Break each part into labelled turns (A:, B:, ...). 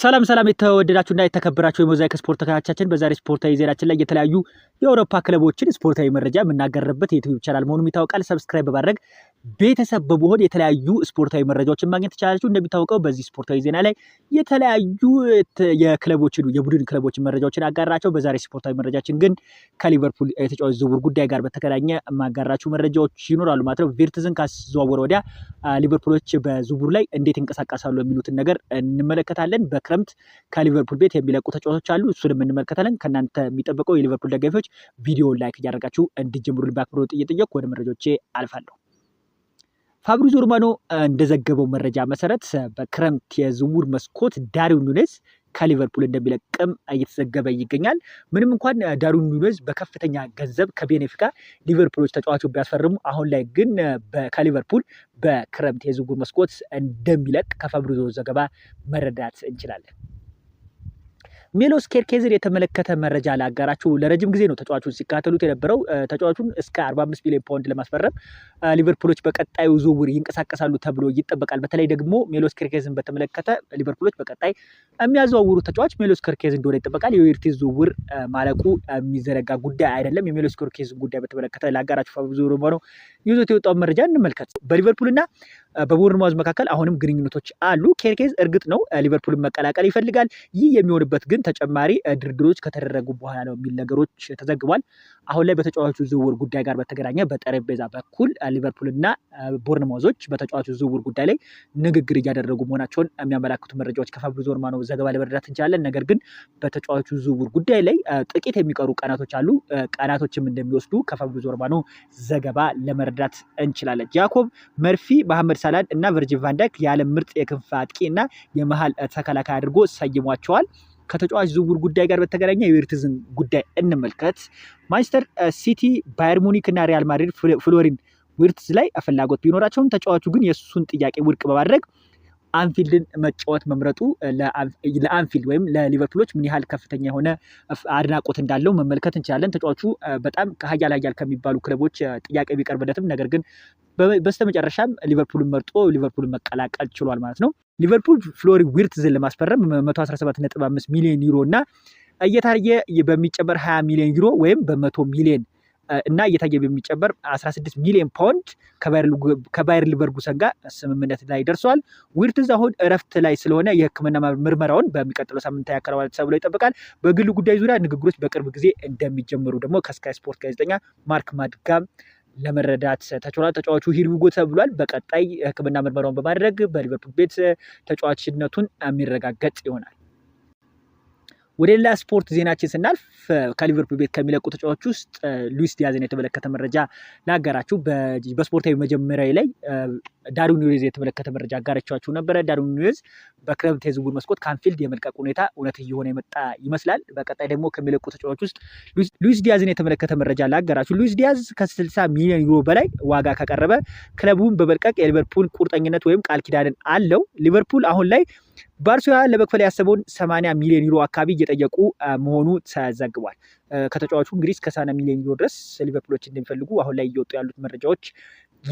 A: ሰላም ሰላም የተወደዳችሁ እና የተከበራችሁ የሞዛይክ ስፖርት ተከታታዮቻችን፣ በዛሬ ስፖርታዊ ዜናችን ላይ የተለያዩ የአውሮፓ ክለቦችን ስፖርታዊ መረጃ የምናገርበት የዩቲዩብ ቻናል መሆኑም ይታወቃል። ሰብስክራይብ በማድረግ ቤተሰብ በመሆን የተለያዩ ስፖርታዊ መረጃዎችን ማግኘት ትችላላችሁ። እንደሚታወቀው በዚህ ስፖርታዊ ዜና ላይ የተለያዩ የክለቦችን የቡድን ክለቦችን መረጃዎችን አጋራቸው። በዛሬ ስፖርታዊ መረጃችን ግን ከሊቨርፑል የተጫዋች ዝውውር ጉዳይ ጋር በተገናኘ ማጋራችሁ መረጃዎች ይኖራሉ ማለት ነው። ቪርትዝን ካስዘዋወረ ወዲያ ሊቨርፑሎች በዝውውሩ ላይ እንዴት እንቀሳቀሳሉ የሚሉትን ነገር እንመለከታለን። በክረምት ከሊቨርፑል ቤት የሚለቁ ተጫዋቾች አሉ። እሱንም እንመለከታለን። ከእናንተ የሚጠበቀው የሊቨርፑል ደጋፊዎች ቪዲዮ ላይክ እያደረጋችሁ እንዲጀምሩ ልባክብሮ ጥየጥየቅ ወደ መረጃዎቼ አልፋለሁ። ፋብሪዞ ሮማኖ እንደዘገበው መረጃ መሰረት በክረምት የዝውውር መስኮት ዳሪው ኑኔዝ ከሊቨርፑል እንደሚለቅም እየተዘገበ ይገኛል። ምንም እንኳን ዳርዊን ኑኔዝ በከፍተኛ ገንዘብ ከቤኔፊካ ሊቨርፑሎች ተጫዋቹን ቢያስፈርሙ፣ አሁን ላይ ግን ከሊቨርፑል በክረምት የዝውውር መስኮት እንደሚለቅ ከፋብሪዞ ዘገባ መረዳት እንችላለን። ሜሎስ ኬርኬዝን የተመለከተ መረጃ ላጋራችሁ። ለረጅም ጊዜ ነው ተጫዋቹን ሲካተሉት የነበረው። ተጫዋቹን እስከ 45 ሚሊዮን ፓውንድ ለማስፈረም ሊቨርፑሎች በቀጣዩ ዝውውር ይንቀሳቀሳሉ ተብሎ ይጠበቃል። በተለይ ደግሞ ሜሎስ ኬርኬዝን በተመለከተ ሊቨርፑሎች በቀጣይ የሚያዘዋውሩ ተጫዋች ሜሎስ ኬርኬዝ እንደሆነ ይጠበቃል። የዩርቲዝ ዝውውር ማለቁ የሚዘረጋ ጉዳይ አይደለም። የሜሎስ ኬርኬዝን ጉዳይ በተመለከተ ላጋራችሁ ፋብዙ ሮማኖ ይዞት የወጣውን መረጃ እንመልከት። በሊቨርፑልና በቦርንማውዝ መካከል አሁንም ግንኙነቶች አሉ። ኬርኬዝ እርግጥ ነው ሊቨርፑልን መቀላቀል ይፈልጋል። ይህ የሚሆንበት ግን ተጨማሪ ድርድሮች ከተደረጉ በኋላ ነው የሚል ነገሮች ተዘግቧል። አሁን ላይ በተጫዋቹ ዝውውር ጉዳይ ጋር በተገናኘ በጠረጴዛ በኩል ሊቨርፑልና ቦርንማውዞች በተጫዋቹ ዝውውር ጉዳይ ላይ ንግግር እያደረጉ መሆናቸውን የሚያመላክቱ መረጃዎች ከፋብሪዞ ሮማኖ ዘገባ ለመረዳት እንችላለን። ነገር ግን በተጫዋቹ ዝውውር ጉዳይ ላይ ጥቂት የሚቀሩ ቀናቶች አሉ። ቀናቶችም እንደሚወስዱ ከፋብሪዞ ዘገባ ለመረዳት መረዳት እንችላለን። ጃኮብ መርፊ፣ መሐመድ ሳላን እና ቨርጂን ቫንዳይክ የዓለም ምርጥ የክንፍ አጥቂ እና የመሃል ተከላካይ አድርጎ ሰይሟቸዋል። ከተጫዋች ዝውውር ጉዳይ ጋር በተገናኘ የዌርትዝን ጉዳይ እንመልከት። ማንቸስተር ሲቲ፣ ባየር ሙኒክ እና ሪያል ማድሪድ ፍሎሪን ዊርትዝ ላይ ፍላጎት ቢኖራቸውም ተጫዋቹ ግን የእሱን ጥያቄ ውድቅ በማድረግ አንፊልድን መጫወት መምረጡ ለአንፊልድ ወይም ለሊቨርፑሎች ምን ያህል ከፍተኛ የሆነ አድናቆት እንዳለው መመልከት እንችላለን። ተጫዋቹ በጣም ከሀያል ሀያል ከሚባሉ ክለቦች ጥያቄ ቢቀርብለትም ነገር ግን በስተመጨረሻም ሊቨርፑልን መርጦ ሊቨርፑልን መቀላቀል ችሏል ማለት ነው። ሊቨርፑል ፍሎሪ ዊርትዝን ለማስፈረም 117.5 ሚሊዮን ዩሮ እና እየታየ በሚጨመር 20 ሚሊዮን ዩሮ ወይም በመቶ ሚሊዮን እና እየታየ የሚጨበር 16 ሚሊዮን ፓውንድ ከባየር ሊቨርጉሰን ጋር ስምምነት ላይ ደርሰዋል። ዊርትዝ አሁን እረፍት ላይ ስለሆነ የሕክምና ምርመራውን በሚቀጥለው ሳምንት ያከረባል ተብሎ ይጠብቃል። በግሉ ጉዳይ ዙሪያ ንግግሮች በቅርብ ጊዜ እንደሚጀምሩ ደግሞ ከስካይ ስፖርት ጋዜጠኛ ማርክ ማድጋም ለመረዳት ተችሏል። ተጫዋቹ ሂልዊጎ ተብሏል። በቀጣይ ሕክምና ምርመራውን በማድረግ በሊቨርፑል ቤት ተጫዋችነቱን የሚረጋገጥ ይሆናል። ወደ ሌላ ስፖርት ዜናችን ስናልፍ ከሊቨርፑል ቤት ከሚለቁ ተጫዋቾች ውስጥ ሉዊስ ዲያዝን የተመለከተ መረጃ ላጋራችሁ። በስፖርታዊ መጀመሪያ ላይ ዳርዊን ኑኔዝ የተመለከተ መረጃ አጋራችኋችሁ ነበረ። ዳርዊን ኑኔዝ በክረምት የዝውውር መስኮት ከአንፊልድ የመልቀቅ ሁኔታ እውነት እየሆነ የመጣ ይመስላል። በቀጣይ ደግሞ ከሚለቁ ተጫዋቾች ውስጥ ሉዊስ ዲያዝን የተመለከተ መረጃ ላጋራችሁ። ሉዊስ ዲያዝ ከ60 ሚሊዮን ዩሮ በላይ ዋጋ ከቀረበ ክለቡን በመልቀቅ የሊቨርፑል ቁርጠኝነት ወይም ቃል ኪዳንን አለው። ሊቨርፑል አሁን ላይ ባርሲያ ለመክፈል ያሰበውን 80 ሚሊዮን ዩሮ አካባቢ እየጠየቁ መሆኑ ተዘግቧል። ከተጫዋቹ እንግዲህ እስከ 80 ሚሊዮን ዩሮ ድረስ ሊቨርፑሎች እንደሚፈልጉ አሁን ላይ እየወጡ ያሉት መረጃዎች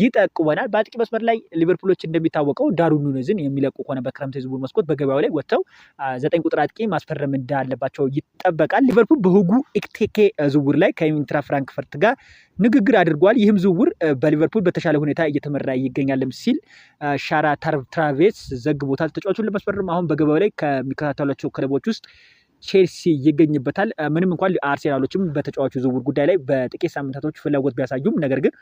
A: ይጠቁመናል። በአጥቂ መስመር ላይ ሊቨርፑሎች እንደሚታወቀው ዳርዊን ኑኔዝን የሚለቁ ከሆነ በክረምት የዝውውር መስኮት በገበያው ላይ ወጥተው ዘጠኝ ቁጥር አጥቂ ማስፈረም እንዳለባቸው ይጠበቃል። ሊቨርፑል በሁጉ ኢኪቲኬ ዝውውር ላይ ከኢንትራ ፍራንክፈርት ጋር ንግግር አድርጓል። ይህም ዝውውር በሊቨርፑል በተሻለ ሁኔታ እየተመራ ይገኛልም ሲል ሻራ ትራቬስ ዘግቦታል። ተጫዋቹን ለማስፈረም አሁን በገበያው ላይ ከሚከታተሏቸው ክለቦች ውስጥ ቼልሲ ይገኝበታል። ምንም እንኳን አርሴናሎችም በተጫዋቹ ዝውውር ጉዳይ ላይ በጥቂት ሳምንታቶች ፍላጎት ቢያሳዩም ነገር ግን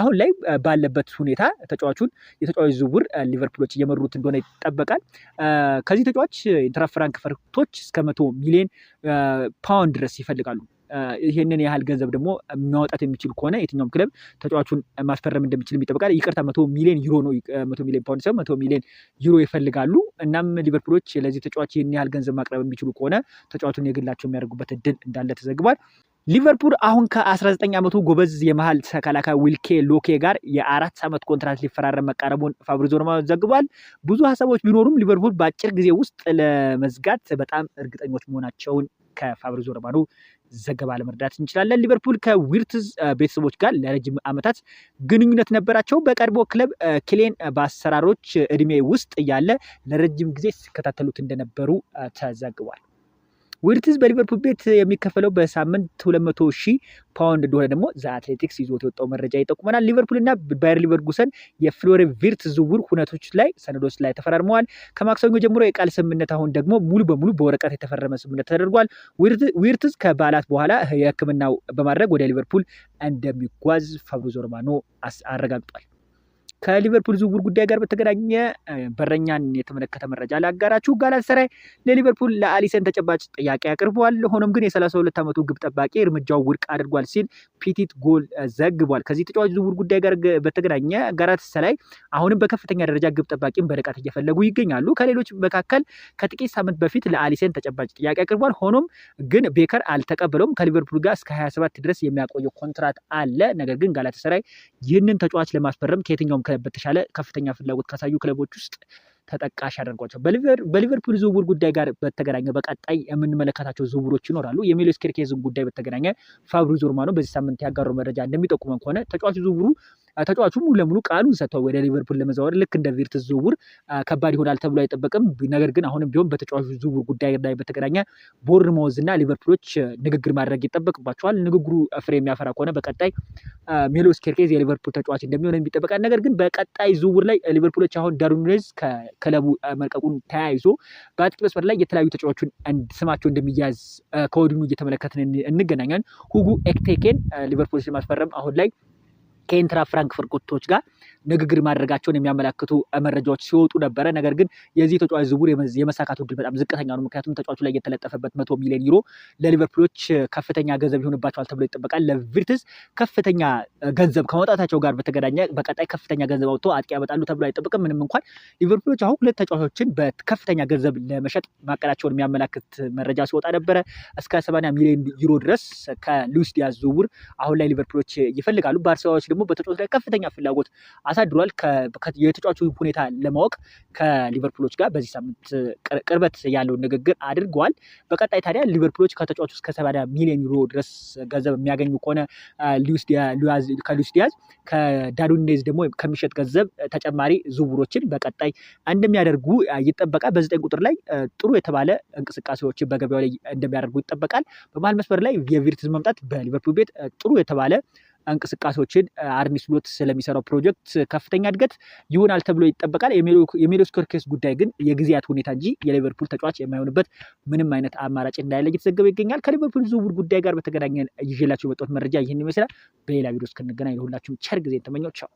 A: አሁን ላይ ባለበት ሁኔታ ተጫዋቹን የተጫዋች ዝውውር ሊቨርፑሎች እየመሩት እንደሆነ ይጠበቃል። ከዚህ ተጫዋች ኢንትራ ፍራንክፈርቶች እስከ መቶ ሚሊዮን ፓውንድ ድረስ ይፈልጋሉ። ይህንን ያህል ገንዘብ ደግሞ ማውጣት የሚችል ከሆነ የትኛውም ክለብ ተጫዋቹን ማስፈረም እንደሚችል ይጠበቃል። ይቅርታ መቶ ሚሊዮን ዩሮ ነው፣ መቶ ሚሊዮን ፓውንድ ሳይሆን መቶ ሚሊዮን ዩሮ ይፈልጋሉ። እናም ሊቨርፑሎች ለዚህ ተጫዋች ይህን ያህል ገንዘብ ማቅረብ የሚችሉ ከሆነ ተጫዋቹን የግላቸው የሚያደርጉበት እድል እንዳለ ተዘግቧል። ሊቨርፑል አሁን ከ19 ዓመቱ ጎበዝ የመሃል ተከላካይ ዊልኬ ሎኬ ጋር የአራት ዓመት ኮንትራት ሊፈራረም መቃረቡን ፋብሪዞ ሮማኖ ዘግቧል። ብዙ ሀሳቦች ቢኖሩም ሊቨርፑል በአጭር ጊዜ ውስጥ ለመዝጋት በጣም እርግጠኞች መሆናቸውን ከፋብሪዞ ሮማኖ ዘገባ ለመረዳት እንችላለን። ሊቨርፑል ከዊርትዝ ቤተሰቦች ጋር ለረጅም ዓመታት ግንኙነት ነበራቸው። በቀድሞ ክለብ ክሌን በአሰራሮች እድሜ ውስጥ እያለ ለረጅም ጊዜ ሲከታተሉት እንደነበሩ ተዘግቧል። ዊርትዝ በሊቨርፑል ቤት የሚከፈለው በሳምንት 200 ሺህ ፓውንድ እንደሆነ ደግሞ ዘአትሌቲክስ ይዞት የወጣው መረጃ ይጠቁመናል። እና ባየር ሊቨርጉሰን የፍሎሬ ቪርት ዝውውር ሁነቶች ላይ ሰነዶች ላይ ተፈራርመዋል። ከማክሰኞ ጀምሮ የቃል ስምምነት አሁን ደግሞ ሙሉ በሙሉ በወረቀት የተፈረመ ስምምነት ተደርጓል። ዊርትዝ ከበዓላት በኋላ የሕክምናው በማድረግ ወደ ሊቨርፑል እንደሚጓዝ ፋብሪዞ ሮማኖ አረጋግጧል። ከሊቨርፑል ዝውውር ጉዳይ ጋር በተገናኘ በረኛን የተመለከተ መረጃ ላጋራችሁ። ጋላታሳራይ ለሊቨርፑል ለአሊሰን ተጨባጭ ጥያቄ አቅርቧል። ሆኖም ግን የ32 ዓመቱ ግብ ጠባቂ እርምጃው ውድቅ አድርጓል ሲል ፒቲት ጎል ዘግቧል። ከዚህ ተጫዋች ዝውውር ጉዳይ ጋር በተገናኘ ጋላታሳራይ አሁንም በከፍተኛ ደረጃ ግብ ጠባቂን በርቀት እየፈለጉ ይገኛሉ። ከሌሎች መካከል ከጥቂት ሳምንት በፊት ለአሊሰን ተጨባጭ ጥያቄ አቅርቧል። ሆኖም ግን ቤከር አልተቀበለውም። ከሊቨርፑል ጋር እስከ 27 ድረስ የሚያቆየው ኮንትራት አለ። ነገር ግን ጋላታሳራይ ይህንን ተጫዋች ለማስፈረም ከየትኛውም በተሻለ ከፍተኛ ፍላጎት ካሳዩ ክለቦች ውስጥ ተጠቃሽ ያደርጓቸው። በሊቨርፑል ዝውውር ጉዳይ ጋር በተገናኘ በቀጣይ የምንመለከታቸው ዝውውሮች ይኖራሉ። የሚሎስ ኬርኬዝን ጉዳይ በተገናኘ ፋብሪዞ ሮማኖ በዚህ ሳምንት ያጋረው መረጃ እንደሚጠቁመን ከሆነ ተጫዋቹ ዝውውሩ ተጫዋቹ ሙሉ ለሙሉ ቃሉን ሰጥተው ወደ ሊቨርፑል ለመዘዋወር ልክ እንደ ቪርትስ ዝውውር ከባድ ይሆናል ተብሎ አይጠበቅም። ነገር ግን አሁንም ቢሆን በተጫዋቹ ዝውውር ጉዳይ ላይ በተገናኘ ቦርንማውዝ እና ሊቨርፑሎች ንግግር ማድረግ ይጠበቅባቸዋል። ንግግሩ ፍሬ የሚያፈራ ከሆነ በቀጣይ ሜሎስ ኬርኬዝ የሊቨርፑል ተጫዋች እንደሚሆን ይጠበቃል። ነገር ግን በቀጣይ ዝውውር ላይ ሊቨርፑሎች አሁን ዳርዊን ኑኔዝ ከክለቡ መልቀቁን ተያይዞ በአጥቂ መስመር ላይ የተለያዩ ተጫዋቾችን ስማቸው እንደሚያዝ ከወዲኑ እየተመለከትን እንገናኛለን። ሁጉ ኤክቴኬን ሊቨርፑሎች ለማስፈረም አሁን ላይ ከኤንትራ ፍራንክፈርት ጋር ንግግር ማድረጋቸውን የሚያመላክቱ መረጃዎች ሲወጡ ነበረ። ነገር ግን የዚህ ተጫዋች ዝውውር የመሳካቱ እድል በጣም ዝቅተኛ ነው። ምክንያቱም ተጫዋቹ ላይ የተለጠፈበት መቶ ሚሊዮን ዩሮ ለሊቨርፑሎች ከፍተኛ ገንዘብ ይሆንባቸዋል ተብሎ ይጠበቃል። ለቪርትስ ከፍተኛ ገንዘብ ከማውጣታቸው ጋር በተገናኘ በቀጣይ ከፍተኛ ገንዘብ አውጥቶ አጥቂ ያመጣሉ ተብሎ አይጠበቅም። ምንም እንኳን ሊቨርፑሎች አሁን ሁለት ተጫዋቾችን በከፍተኛ ገንዘብ ለመሸጥ ማቀዳቸውን የሚያመላክት መረጃ ሲወጣ ነበረ። እስከ 80 ሚሊዮን ዩሮ ድረስ ከሉዊስ ዲያዝ ዝውውር አሁን ላይ ሊቨርፑሎች ይፈልጋሉ። ባርሴሎናዎች ደግሞ ደግሞ በተጫዋች ላይ ከፍተኛ ፍላጎት አሳድሯል። የተጫዋቹ ሁኔታ ለማወቅ ከሊቨርፑሎች ጋር በዚህ ሳምንት ቅርበት ያለውን ንግግር አድርገዋል። በቀጣይ ታዲያ ሊቨርፑሎች ከተጫዋቹ እስከ ሰባ ሚሊዮን ዩሮ ድረስ ገንዘብ የሚያገኙ ከሆነ ከሉዊስ ዲያዝ ከዳርዊን ደግሞ ከሚሸጥ ገንዘብ ተጨማሪ ዝውውሮችን በቀጣይ እንደሚያደርጉ ይጠበቃል። በዘጠኝ ቁጥር ላይ ጥሩ የተባለ እንቅስቃሴዎችን በገበያው ላይ እንደሚያደርጉ ይጠበቃል። በመሀል መስመር ላይ የቪርትዝ መምጣት በሊቨርፑል ቤት ጥሩ የተባለ እንቅስቃሴዎችን አርኔ ስሎት ስለሚሰራው ፕሮጀክት ከፍተኛ እድገት ይሆናል ተብሎ ይጠበቃል። የሜሎስ ኮርኬስ ጉዳይ ግን የጊዜያት ሁኔታ እንጂ የሊቨርፑል ተጫዋች የማይሆንበት ምንም አይነት አማራጭ እንዳለ እየተዘገበ ይገኛል። ከሊቨርፑል ዝውውር ጉዳይ ጋር በተገናኘ ይዤላቸው የመጣሁት መረጃ ይህን ይመስላል። በሌላ ቪዲዮ እስክንገናኝ ለሁላችሁም ቸር ጊዜ ተመኘው። ቻው